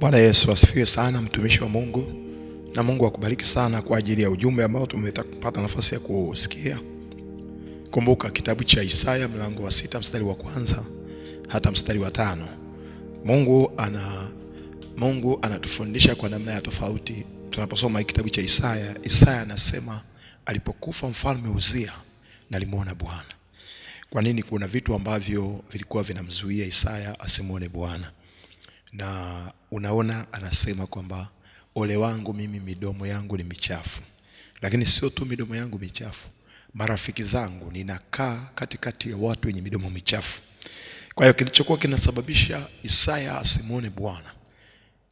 Bwana Yesu asifiwe sana, mtumishi wa Mungu, na Mungu akubariki sana kwa ajili ya ujumbe ambao tumepata nafasi ya kusikia. Kumbuka kitabu cha Isaya mlango wa sita mstari wa kwanza hata mstari wa tano. Mungu ana Mungu anatufundisha kwa namna ya tofauti tunaposoma kitabu cha Isaya. Isaya anasema alipokufa mfalme Uzia nalimwona Bwana. Kwa nini? Kuna vitu ambavyo vilikuwa vinamzuia Isaya asimuone Bwana na Unaona, anasema kwamba ole wangu mimi, midomo yangu ni michafu. Lakini sio tu midomo yangu michafu, marafiki zangu, ninakaa katikati ya watu wenye midomo michafu. Kwa hiyo kilichokuwa kinasababisha Isaya asimwone Bwana,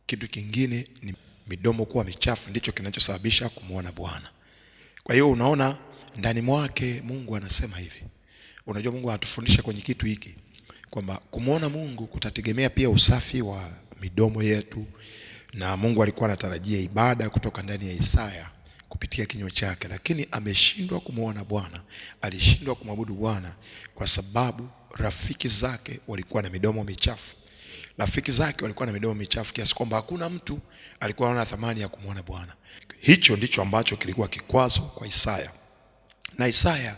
kitu kingine ni midomo kuwa michafu, ndicho kinachosababisha kumwona Bwana. Kwa hiyo unaona, ndani mwake Mungu anasema hivi. Unajua Mungu anatufundisha kwenye kitu hiki kwamba kumwona Mungu kutategemea pia usafi wa midomo yetu, na Mungu alikuwa anatarajia ibada kutoka ndani ya Isaya kupitia kinywa chake, lakini ameshindwa kumwona Bwana, alishindwa kumwabudu Bwana kwa sababu rafiki zake walikuwa na midomo michafu. Rafiki zake walikuwa na midomo michafu kiasi kwamba hakuna mtu alikuwa anaona thamani ya kumwona Bwana. Hicho ndicho ambacho kilikuwa kikwazo kwa Isaya, na Isaya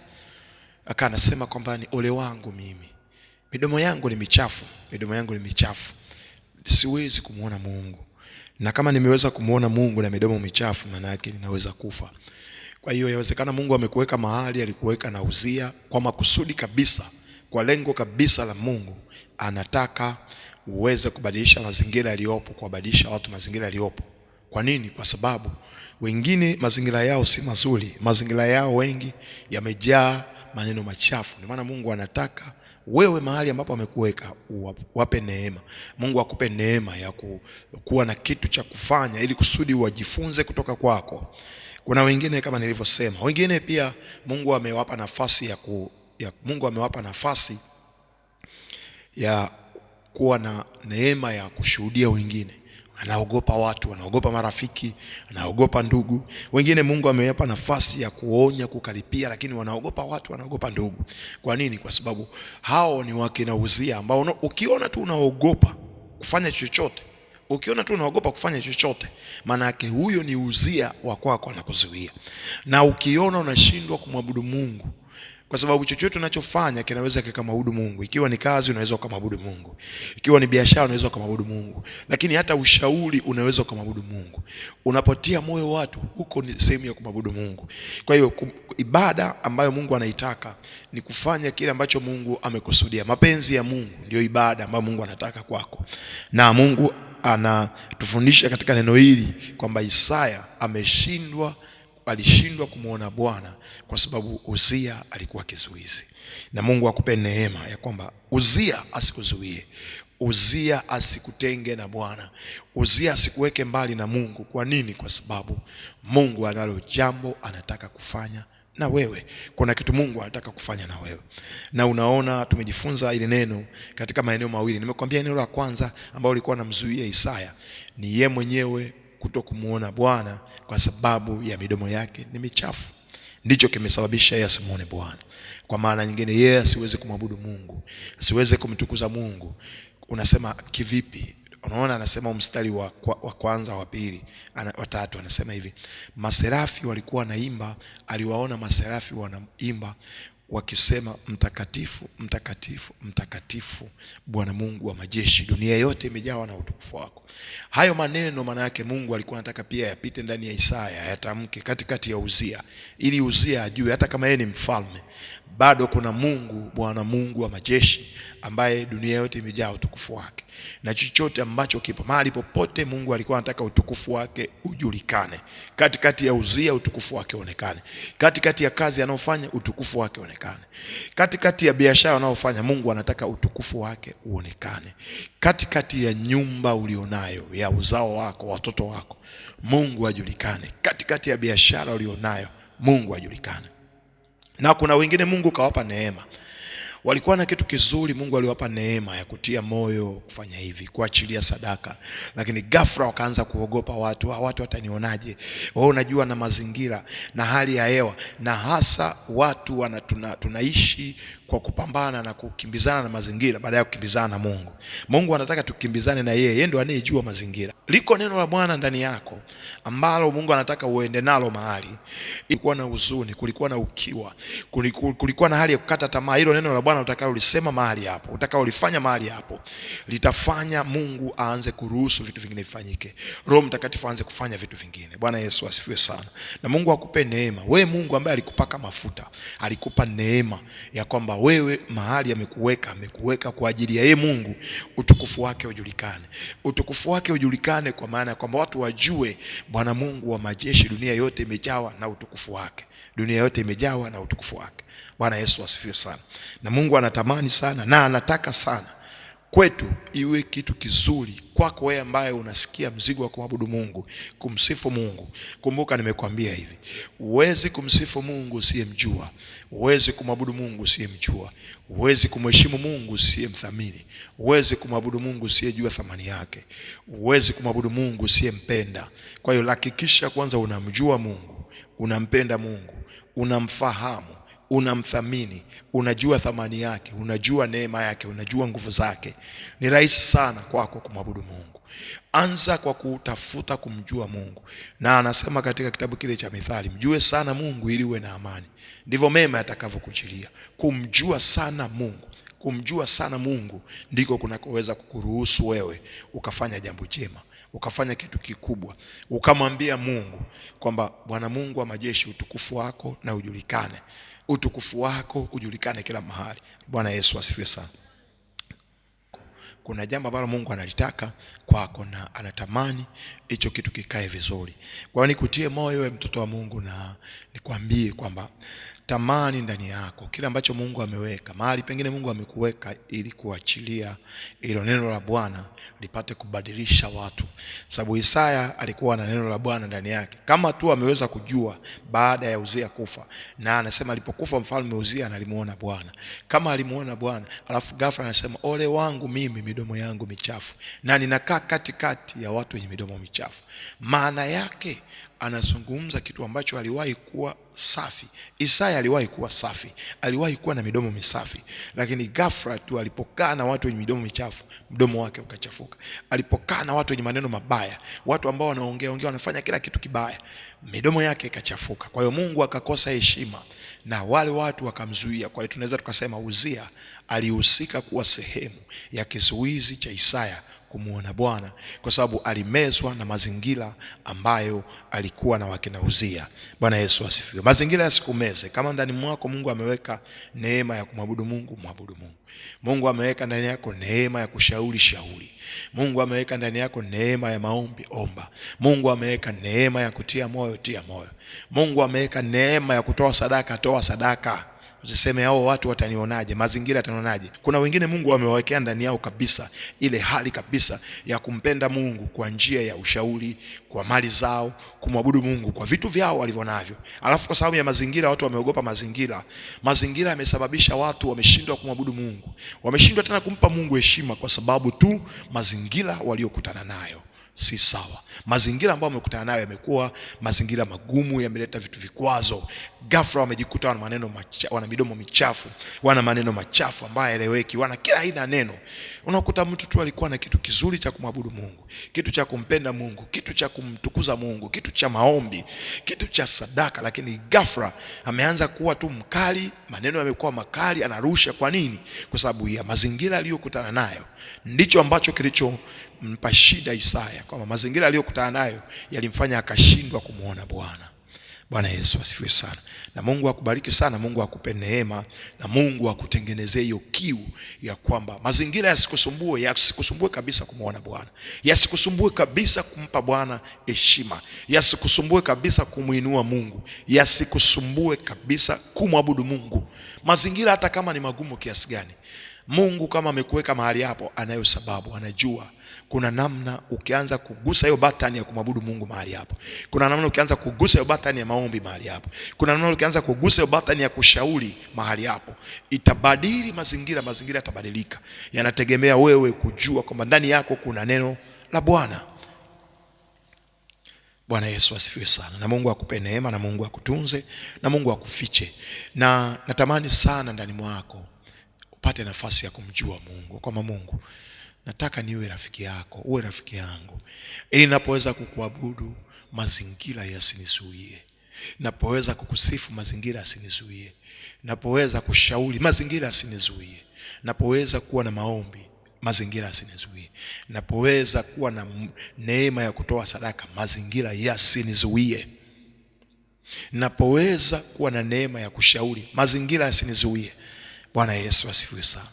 akanasema kwamba ni ole wangu mimi, midomo yangu ni michafu, midomo yangu ni michafu siwezi kumwona Mungu, na kama nimeweza kumwona Mungu na midomo michafu, maana yake ninaweza kufa. Kwa hiyo yawezekana Mungu amekuweka mahali, alikuweka na uzia kwa makusudi kabisa, kwa lengo kabisa la Mungu, anataka uweze kubadilisha mazingira yaliyopo, kuwabadilisha watu mazingira yaliyopo. Kwa nini? Kwa sababu wengine mazingira yao si mazuri, mazingira yao wengi yamejaa maneno machafu. Ndio maana Mungu anataka wewe mahali ambapo amekuweka wape neema. Mungu akupe neema ya ku, kuwa na kitu cha kufanya ili kusudi wajifunze kutoka kwako. Kuna wengine kama nilivyosema, wengine pia Mungu amewapa nafasi ya, ku, ya Mungu amewapa nafasi ya kuwa na neema ya kushuhudia wengine anaogopa watu, anaogopa marafiki, anaogopa ndugu. Wengine Mungu amewapa nafasi ya kuonya, kukaripia, lakini wanaogopa watu, wanaogopa ndugu. Kwa nini? Kwa sababu hao ni wakina Uzia ambao ukiona tu unaogopa kufanya chochote, ukiona tu unaogopa kufanya chochote, maana yake huyo ni Uzia wa kwako, anakuzuia. Na ukiona unashindwa kumwabudu Mungu kwa sababu chochote unachofanya kinaweza kikamwabudu Mungu. Ikiwa ni kazi, unaweza ukamwabudu Mungu. Ikiwa ni biashara, unaweza ukamwabudu Mungu, lakini hata ushauri unaweza ukamwabudu Mungu. Unapotia moyo watu, huko ni sehemu ya kumwabudu Mungu. Kwa hiyo ibada ambayo Mungu anaitaka ni kufanya kile ambacho Mungu amekusudia. Mapenzi ya Mungu ndio ibada ambayo Mungu anataka kwako, na Mungu anatufundisha katika neno hili kwamba Isaya ameshindwa alishindwa kumwona Bwana kwa sababu Uzia alikuwa kizuizi. Na Mungu akupe neema ya kwamba Uzia asikuzuie, Uzia asikutenge na Bwana, Uzia asikuweke mbali na Mungu. Kwa nini? Kwa sababu Mungu analo jambo anataka kufanya na wewe. Kuna kitu Mungu anataka kufanya na wewe, na unaona, tumejifunza ile neno katika maeneo mawili. Nimekwambia eneo la kwanza ambalo lilikuwa namzuia Isaya ni ye mwenyewe kuto kumwona Bwana kwa sababu ya midomo yake ni michafu. Ndicho kimesababisha yeye asimuone Bwana. Kwa maana nyingine, yeye asiweze kumwabudu Mungu, asiweze kumtukuza Mungu. Unasema kivipi? Unaona, anasema umstari wa, wa kwanza wa pili wa tatu, anasema hivi, maserafi walikuwa wanaimba, aliwaona maserafi wanaimba, wakisema mtakatifu mtakatifu mtakatifu Bwana Mungu wa majeshi, dunia yote imejawa na utukufu wako. Hayo maneno maana yake Mungu alikuwa anataka pia yapite ndani ya Isaya, yatamke katikati ya Uzia, ili Uzia ajue hata kama yeye ni mfalme, bado kuna Mungu, Bwana Mungu wa majeshi, ambaye dunia yote imejaa utukufu wake, na chochote ambacho kipo mahali popote, Mungu alikuwa anataka utukufu wake ujulikane, katikati ya uzia utukufu wake uonekane, katikati ya kazi anayofanya utukufu wake uonekane, katikati ya biashara anayofanya Mungu anataka utukufu wake uonekane, katikati ya nyumba ulionayo ya uzao wako, watoto wako, Mungu ajulikane, katikati ya biashara ulionayo, Mungu ajulikane na kuna wengine Mungu kawapa neema, walikuwa na kitu kizuri, Mungu aliwapa neema ya kutia moyo, kufanya hivi, kuachilia sadaka, lakini ghafla wakaanza kuogopa watu, ha, watu watanionaje? Wao unajua na mazingira na hali ya hewa, na hasa watu wana tuna, tunaishi kwa kupambana na kukimbizana na mazingira baada ya kukimbizana na Mungu. Mungu anataka tukimbizane na yeye, yeye ndo anayejua mazingira. Liko neno la Bwana ndani yako ambalo Mungu anataka uende nalo mahali. Kulikuwa na huzuni, kulikuwa na ukiwa, kulikuwa na hali ya kukata tamaa. Hilo neno la Bwana utakalolisema mahali hapo, utakalolifanya mahali hapo, litafanya Mungu aanze kuruhusu vitu vingine vifanyike. Roho Mtakatifu aanze kufanya vitu vingine. Bwana Yesu asifiwe sana. Na Mungu akupe neema. We Mungu ambaye alikupaka mafuta, alikupa neema ya kwamba kwamba wewe mahali amekuweka amekuweka kwa ajili ya yeye Mungu, utukufu wake ujulikane, utukufu wake ujulikane, kwa maana ya kwamba watu wajue Bwana Mungu wa majeshi, dunia yote imejawa na utukufu wake, dunia yote imejawa na utukufu wake. Bwana Yesu asifiwe sana, na Mungu anatamani sana na anataka sana kwetu iwe kitu kizuri kwako wewe ambaye unasikia mzigo wa kumwabudu Mungu, kumsifu Mungu. Kumbuka nimekwambia hivi, huwezi kumsifu Mungu usiyemjua, huwezi kumwabudu Mungu usiyemjua, huwezi kumheshimu Mungu usiyemthamini, huwezi kumwabudu Mungu usiyejua thamani yake, huwezi kumwabudu Mungu usiyempenda. Kwa hiyo hakikisha kwanza unamjua Mungu, unampenda Mungu, unamfahamu unamthamini, unajua thamani yake, unajua neema yake, unajua nguvu zake, ni rahisi sana kwako kumwabudu Mungu. Anza kwa kutafuta kumjua Mungu, na anasema katika kitabu kile cha Mithali, mjue sana Mungu ili uwe na amani, ndivyo mema yatakavyokujilia. Kumjua sana Mungu, kumjua sana Mungu ndiko kunakoweza kukuruhusu wewe ukafanya jambo jema ukafanya kitu kikubwa, ukamwambia Mungu kwamba Bwana Mungu wa majeshi, utukufu wako na ujulikane utukufu wako ujulikane kila mahali. Bwana Yesu asifiwe sana. Kuna jambo ambalo Mungu analitaka kwako na anatamani hicho kitu kikae vizuri. Kwa hiyo nikutie moyo wewe mtoto wa Mungu na nikwambie kwamba tamani ndani yako kile ambacho Mungu ameweka mahali pengine. Mungu amekuweka ili kuachilia ilo neno la Bwana lipate kubadilisha watu, sababu Isaya alikuwa na neno la Bwana ndani yake, kama tu ameweza kujua baada ya Uzia kufa, na anasema alipokufa mfalme Uzia analimuona Bwana. Kama alimuona Bwana, alafu ghafla anasema ole wangu mimi, midomo yangu michafu, na ninakaa katikati ya watu wenye midomo michafu. Maana yake anazungumza kitu ambacho aliwahi kuwa safi. Isaya aliwahi kuwa safi, aliwahi kuwa na midomo misafi, lakini ghafla tu alipokaa na watu wenye midomo michafu, mdomo wake ukachafuka. Alipokaa na watu wenye maneno mabaya, watu ambao wanaongea ongea, wanafanya kila kitu kibaya, midomo yake ikachafuka. Kwa hiyo Mungu akakosa heshima na wale watu wakamzuia. Kwa hiyo tunaweza tukasema Uzia alihusika kuwa sehemu ya kizuizi cha Isaya kumwona Bwana kwa sababu alimezwa na mazingira ambayo alikuwa na wakina Uzia. Bwana Yesu asifiwe. Mazingira yasikumeze. Kama ndani mwako Mungu ameweka neema ya kumwabudu Mungu, mwabudu Mungu. Mungu ameweka ndani yako neema ya kushauri, shauri. Mungu ameweka ndani yako neema ya maombi, omba. Mungu ameweka neema ya kutia moyo, tia moyo. Mungu ameweka neema ya kutoa sadaka, toa sadaka ziseme hao watu watanionaje, mazingira yatanionaje. Kuna wengine Mungu amewawekea ndani yao kabisa ile hali kabisa ya kumpenda Mungu kwa njia ya ushauri, kwa mali zao, kumwabudu Mungu kwa vitu vyao navyo alafu kwa sababu ya mazingira, watu wameogopa mazingira. Mazingira yamesababisha watu wameshindwa kumwabudu Mungu, wameshindwa tena kumpa Mungu heshima, kwa sababu tu mazingira waliokutana nayo si sawa. Mazingira ambayo wamekutana nayo yamekuwa mazingira magumu, yameleta vitu vikwazo. Ghafla wamejikuta wana maneno machafu, wana midomo michafu, wana maneno machafu ambayo haeleweki, wana kila aina neno. Unakuta mtu tu alikuwa na kitu kizuri cha kumwabudu Mungu, kitu cha kumpenda Mungu, kitu cha kumtukuza Mungu, kitu cha maombi, kitu cha sadaka, lakini ghafla ameanza kuwa tu mkali, maneno yamekuwa makali, anarusha. Kwa nini? Kwa sababu ya mazingira aliyokutana nayo. Ndicho ambacho kilichompa shida Isaya, kwamba mazingira aliyokutana nayo yalimfanya akashindwa kumwona Bwana. Bwana Yesu asifiwe sana, na Mungu akubariki sana, Mungu akupe neema, na Mungu akutengenezee hiyo kiu ya kwamba mazingira yasikusumbue, yasikusumbue kabisa kumwona Bwana, yasikusumbue kabisa kumpa Bwana heshima, yasikusumbue kabisa kumwinua Mungu, yasikusumbue kabisa kumwabudu Mungu, mazingira hata kama ni magumu kiasi gani Mungu kama amekuweka mahali hapo, anayo sababu, anajua kuna namna. Ukianza kugusa hiyo batani ya kumwabudu Mungu mahali hapo, kuna namna. Ukianza kugusa hiyo batani ya maombi mahali hapo, kuna namna. Ukianza kugusa hiyo batani ya kushauri mahali hapo, itabadili mazingira, mazingira yatabadilika. Yanategemea wewe kujua kwamba ndani yako kuna neno la Bwana. Bwana Yesu asifiwe sana, na Mungu akupe neema, na Mungu akutunze, na Mungu akufiche, na natamani sana ndani mwako upate nafasi ya kumjua Mungu. Kama Mungu, nataka niwe rafiki yako, uwe rafiki yangu, ili napoweza kukuabudu mazingira yasinizuie, napoweza kukusifu mazingira yasinizuie, napoweza kushauri mazingira yasinizuie, napoweza kuwa na maombi mazingira yasinizuie, napoweza kuwa na neema ya kutoa sadaka mazingira yasinizuie, napoweza kuwa na neema ya kushauri mazingira yasinizuie. Bwana Yesu asifiwe sana.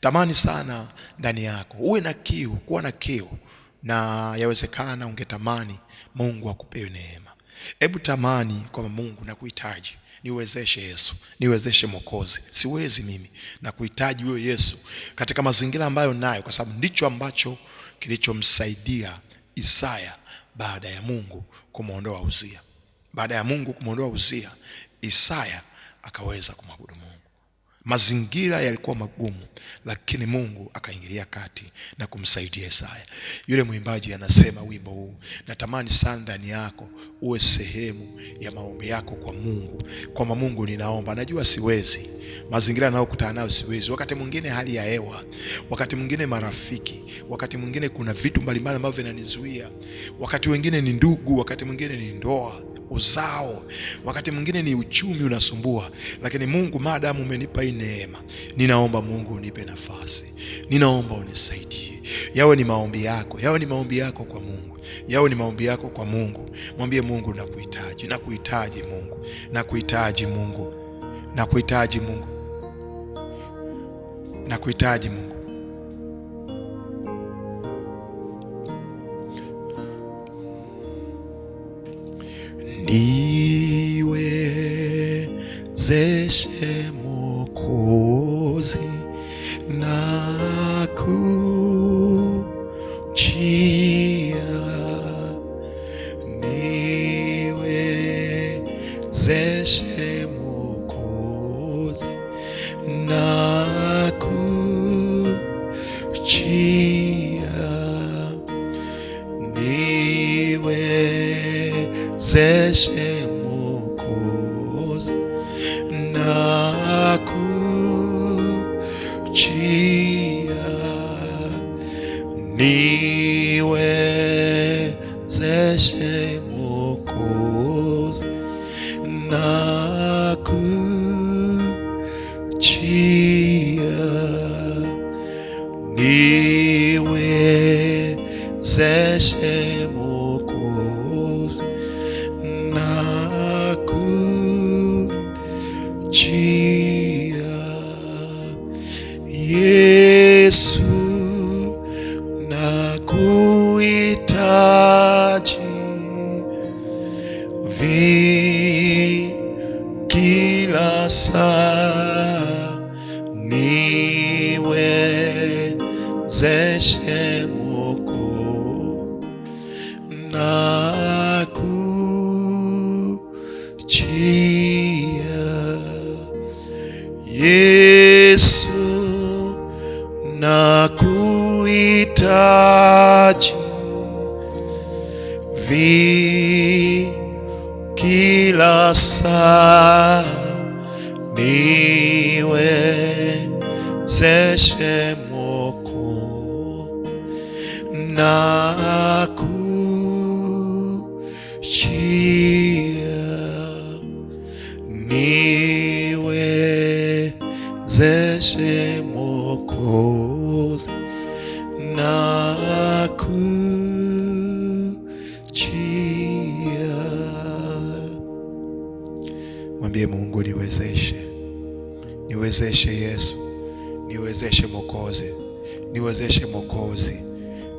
Tamani sana ndani yako uwe na kiu, kuwa na kiu, na yawezekana ungetamani Mungu akupewe neema. Hebu tamani kwamba Mungu nakuhitaji, niwezeshe Yesu, niwezeshe Mwokozi, siwezi mimi, nakuhitaji wewe Yesu, katika mazingira ambayo nayo, kwa sababu ndicho ambacho kilichomsaidia Isaya baada ya Mungu kumwondoa Uzia, baada ya Mungu kumwondoa Uzia, Isaya akaweza kumwabudu Mungu. Mazingira yalikuwa magumu, lakini Mungu akaingilia kati na kumsaidia Isaya. Yule mwimbaji anasema wimbo huu, natamani sana ndani yako uwe sehemu ya maombi yako kwa Mungu, kwamba Mungu, ninaomba, najua siwezi, mazingira anayokutana nayo siwezi, wakati mwingine hali ya hewa, wakati mwingine marafiki, wakati mwingine kuna vitu mbalimbali ambavyo vinanizuia, wakati wengine ni ndugu, wakati mwingine ni ndoa uzao. Wakati mwingine ni uchumi unasumbua, lakini Mungu, maadamu umenipa hii neema, ninaomba Mungu unipe nafasi, ninaomba unisaidie. Yawe ni maombi yako, yawe ni maombi yako kwa Mungu, yawe ni maombi yako kwa Mungu. Mwambie Mungu, nakuhitaji, nakuhitaji Mungu, nakuhitaji Mungu, nakuhitaji Mungu, nakuhitaji Mungu. niwezeshe dia. Ni sasa niwezeshe not.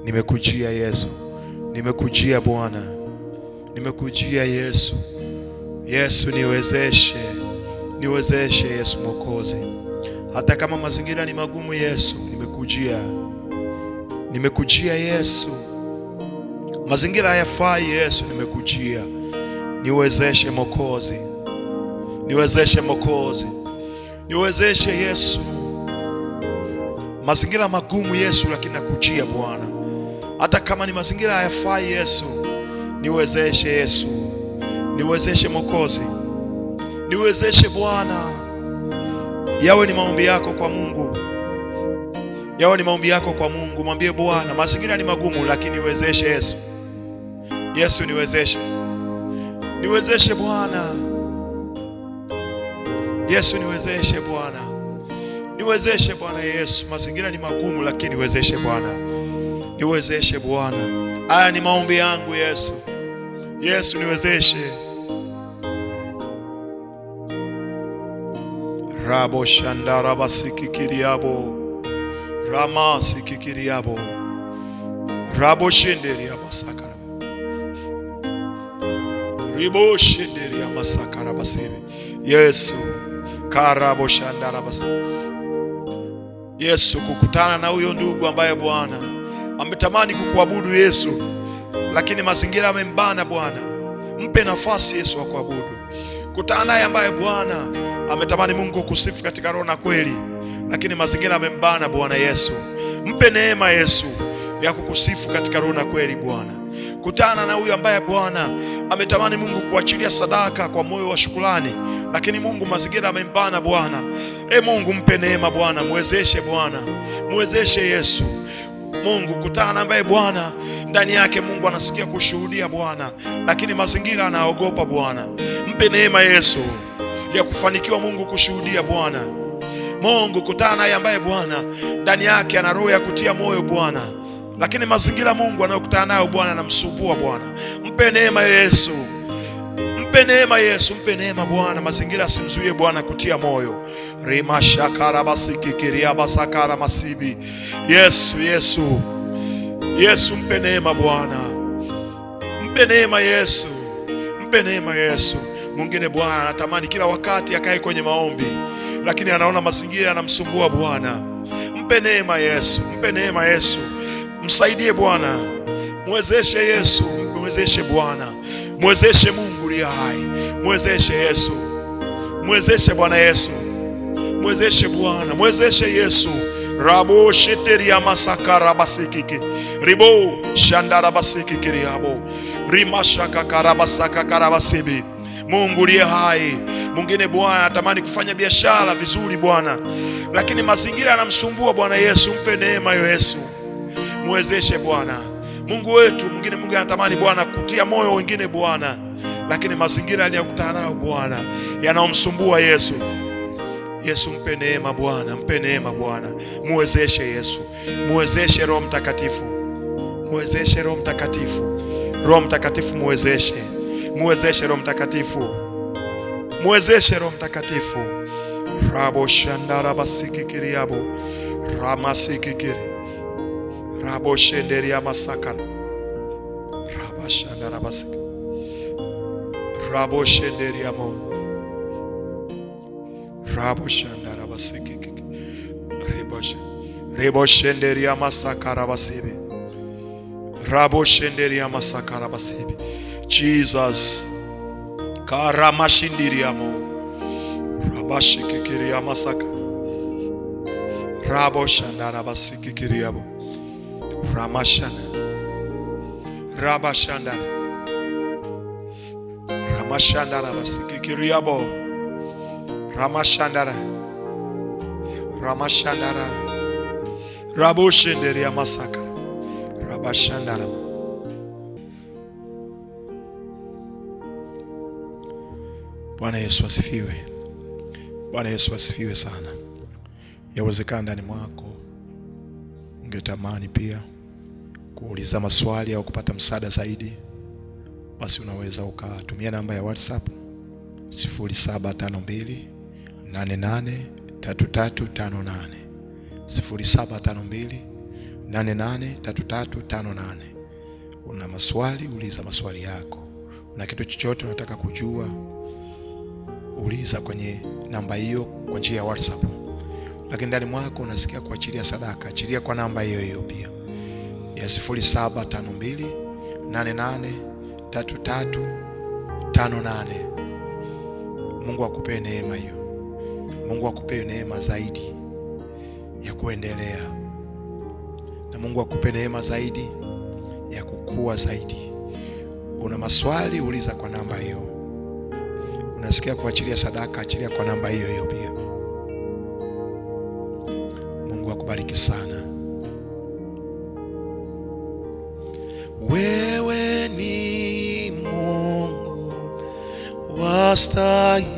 Nimekujia Yesu, nimekujia Bwana, nimekujia Yesu. Yesu niwezeshe, niwezeshe Yesu Mwokozi, hata kama mazingira ni magumu. Yesu nimekujia, nimekujia Yesu, mazingira hayafai. Yesu nimekujia, niwezeshe Mwokozi, niwezeshe Mwokozi, niwezeshe Yesu, mazingira magumu Yesu, lakini nakujia Bwana hata kama ni mazingira hayafai. Yesu niwezeshe, Yesu niwezeshe, Mwokozi niwezeshe Bwana. Yawe ni maombi yako kwa Mungu, yawe ni maombi yako kwa Mungu. Mwambie Bwana, mazingira ni magumu, lakini niwezeshe Yesu. Yesu niwezeshe, niwezeshe Bwana. Yesu niwezeshe Bwana, niwezeshe Bwana. Yesu, mazingira ni magumu, lakini niwezeshe Bwana. Niwezeshe Bwana. Haya ni maombi yangu Yesu. Yesu niwezeshe. Rabo shandara basikikiriabo. Rama sikikiriabo. Rabo shenderi masakara Ribo shenderi masakara basibi. Yesu karabo shandara basi. Yesu kukutana na huyo ndugu ambaye Bwana ametamani kukuabudu Yesu, lakini mazingira yamembana. Bwana, mpe nafasi Yesu kuabudu. Kutana naye ambaye Bwana ametamani Mungu kusifu katika roho na kweli, lakini mazingira yamembana. Bwana Yesu, mpe neema Yesu ya kukusifu katika roho na kweli. Bwana, kutana na huyu ambaye Bwana ametamani Mungu kuachilia sadaka kwa moyo wa shukulani lakini Mungu mazingira yamembana. Bwana, e Mungu mpe neema Bwana, muwezeshe Bwana, muwezeshe Yesu Mungu kutana na ambaye Bwana ndani yake Mungu anasikia kushuhudia Bwana, lakini mazingira anaogopa Bwana. Mpe neema Yesu ya kufanikiwa Mungu kushuhudia Bwana. Mungu kutana naye ambaye Bwana ndani yake ana roho ya kutia moyo Bwana, lakini mazingira Mungu anayokutana nayo Bwana anamsumbua Bwana. Mpe neema Yesu, mpe neema Yesu, mpe neema Bwana. Mazingira simzuie Bwana kutia moyo masibi Yesu, Yesu, Yesu, mpe neema Bwana, mpe neema Yesu, mpe neema Yesu. Mwingine Bwana anatamani kila wakati akae kwenye maombi, lakini anaona mazingira yanamsumbua. Bwana, mpe neema Yesu, mpe neema Yesu, msaidie Bwana, mwezeshe Yesu, mwezeshe Bwana, mwezeshe Mungu liye hai, mwezeshe Yesu, mwezeshe Bwana Yesu. Mwezeshe Bwana, mwezeshe Yesu. rabo sheteria masakara basikike ribo shandara basikike riabo rimashaka karabasaka karabasibi. Mungu liye hai. Mwingine Bwana atamani kufanya biashara vizuri Bwana, lakini mazingira yanamsumbua Bwana Yesu, mpe neema yo Yesu, mwezeshe Bwana Mungu wetu. Mwingine Mungu anatamani Bwana kutia moyo wengine Bwana, lakini mazingira aliyokutana nayo Bwana yanamsumbua Yesu. Yesu, mpe neema Bwana, mpe neema Bwana, muwezeshe Yesu, muwezeshe Roho Mtakatifu, muwezeshe Roho Mtakatifu, Roho Mtakatifu muwezeshe, muwezeshe Roho Mtakatifu, muwezeshe Roho Mtakatifu. rabo shandara basikikiriabo ramasikikiri rabo shenderia masakana rabo shenderia mo Rabo şende arabası kekik. Rebo şende. Rebo şende riyamasa karabasibi. Jesus. Karamashindiriyamo. riyamo. Rabashi kikiria masaka. Rabo shandara basi kikiria bo. Ramashana. Rabashandara. Ramashandara basi ramashandara ramashandara raboshendere ya rabashandara. Bwana Yesu asifiwe. Bwana Yesu asifiwe sana. Yawezekana ndani mwako ungetamani pia kuuliza maswali au kupata msaada zaidi, basi unaweza ukatumia namba ya WhatsApp 0752 883358 Una maswali, uliza maswali yako. Una kitu chochote unataka kujua, uliza kwenye namba hiyo kwa njia ya WhatsApp. Lakini ndani mwako unasikia kuachilia sadaka, achilia kwa namba hiyo hiyo pia ya 0752 Mungu akupe neema hiyo. Mungu akupe neema zaidi ya kuendelea, na Mungu akupe neema zaidi ya kukua zaidi. Una maswali, uliza kwa namba hiyo. Unasikia kuachilia sadaka, achilia kwa namba hiyo hiyo pia. Mungu akubariki sana. Wewe ni Mungu wastahili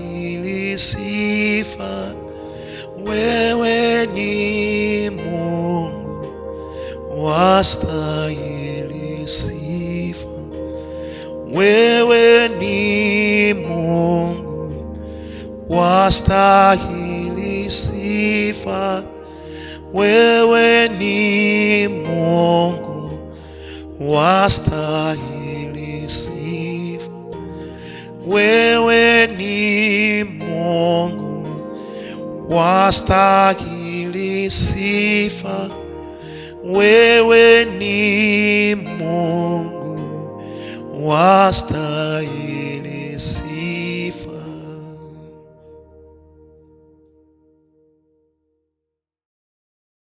unastahili sifa, wewe ni Mungu wastahili sifa, wewe ni Mungu wastahili sifa, wewe ni Mungu wastahili sifa wewe ni Mungu wastahili